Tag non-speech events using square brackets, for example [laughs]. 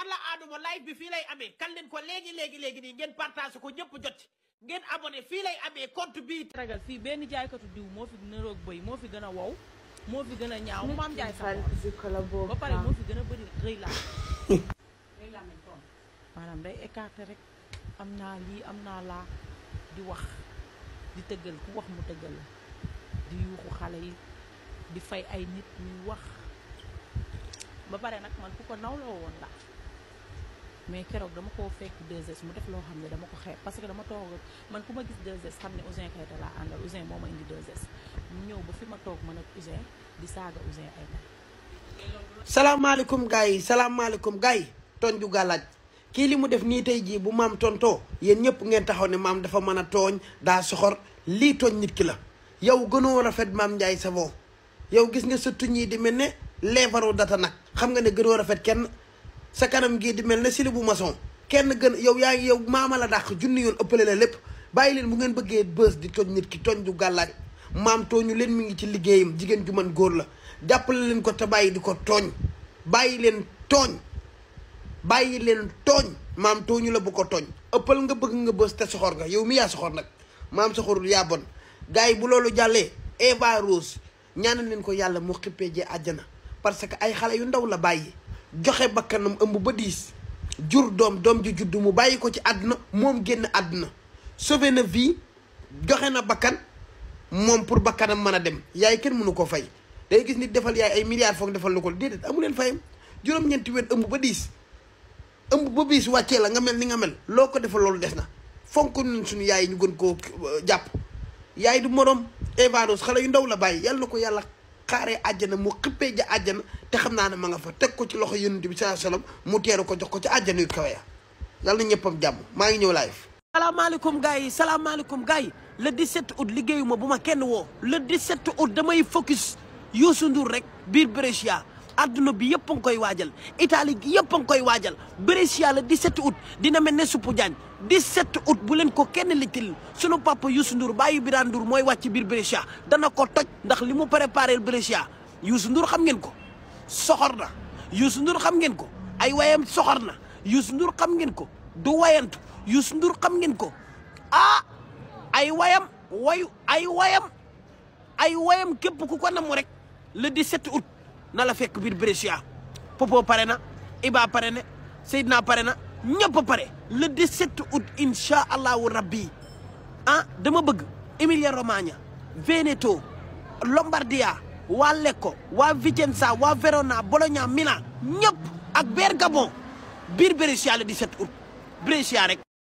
alla aaduma live bi fii lay amee kan leen ko léegi léegi léegi nii ngeen partage ko ñëpp jot ngeen abonné fii lay amee compte bi fii benn jaaykatu diw moo fi nëroog bëy moo fi gën a wow moo fi gën a ñaaw maam jaay ba pare moo fi gën a bëri rëy la [laughs] rëy la maanaam day écarté rek am naa lii am naa laa di wax di tëggal ku wax mu tëggal la di yuuxu xale yi di fay ay nit ñuy wax ba pare nag man ku ko nawloo woon la mais keroog dama koo fekk 2 mu def loo xam ne dama ko xeeb parce que dama toog man ku ma gis 2 xam ne Ouzin Keita laa àndal Ouzin moo ma indi 2 mu ñëw ba fi ma toog man ak Ouzin di saaga Ouzin ay na. salaamaaleykum gars yi salaamaaleykum gars yi tooñ ju gàllaaj kii li mu def nii tey jii bu maam tontoo yéen ñëpp ngeen taxaw ne maam dafa mën a tooñ daa soxor lii tooñ nit ki la yow gënoo rafet maam Ndiaye Savon yow gis nga sa tuñ yi di mel ne leevaru data xam nga ne gënoo rafet kenn sa kanam gii di mel ne sili bu maçon kenn gën yow yaa ngi yow maama la dàq junni yoon ëppale la lépp bàyyi leen bu ngeen bëggee bës di tooñ nit ki tooñ du gàllaaj maam tooñu leen mi ngi ci liggéeyam jigéen ju man góor la jàppale leen ko te bàyyi di ko tooñ bàyyi leen tooñ bàyyi leen tooñ maam tooñu la bu ko tooñ ëppal nga bëgg nga bës te soxor nga yow mi yaa soxor nag maam soxorul yaa bon gars yi bu loolu jàllee Eva Rose ñaanal leen ko yàlla mu xippee jee àjjana parce que ay xale yu ndaw la bàyyi joxe bakkanam ëmb ba diis jur doom doom ju juddu mu bàyyi ko ci àdduna moom génn àdduna sauvé na vie joxe na bakkan moom pour bakkanam mën a dem yaay kenn mënu ko fay day gis nit defal yaay ay milliards foog defal la ko déedéet amu leen fayam juróom-ñeenti wet ëmb ba diis ëmb ba diis wàccee la nga mel ni nga mel loo ko defal loolu des na fonk ñun suñu yaay ñu gën koo euh, jàpp yaay du moroom Eva Rose xale yu ndaw la bàyyi yàlla na ko yàlla xaaree àjjana mu xippee ja àjjana te xam naa ne ma nga fa teg ko ci loxo yonent bi sallallahu alayhi wasallam mu teeru ko jox ko ci àjjana yu kawe ya yal na ñëppam jàmm maa ngi ñëw live salaamaaleykum gars yi salaamaaleykum gars yi di 17 août liggéeyuma bu ma kenn woo di 17 août damay focus Youssou Ndour rek biir Brescia adduna bi yëpp a ngi koy waajal Italie gi yëpp a ngi koy waajal Brescia la 17 août dina mel ne suppu jaañ 17 août bu leen ko kenn littil sunu papa Youssou Ndour bàyyi Birane Ndour mooy wàcc biir Brescia dana ko toj ndax li mu préparé Brescia Youssou Ndour xam ngeen ko soxor na Youssou Ndour xam ngeen ko ay wayam soxor na Youssou Ndour xam ngeen ko du wayantu Youssou Ndour xam ngeen ko ah ay wayam wayu ay wayam ay wayam képp ku ko namu rek le 17 août na la fekk biir Brescia Popo pare na Iba pare na Seydina pare na ñëpp pare le 17 août incha allahu rabbi ah dama bëgg Emilia Romagna Veneto Lombardia waa Lecco waa Vicenza waa Verona Bologna Milan ñëpp ak Bergamo biir Brescia le 17 août Brescia rek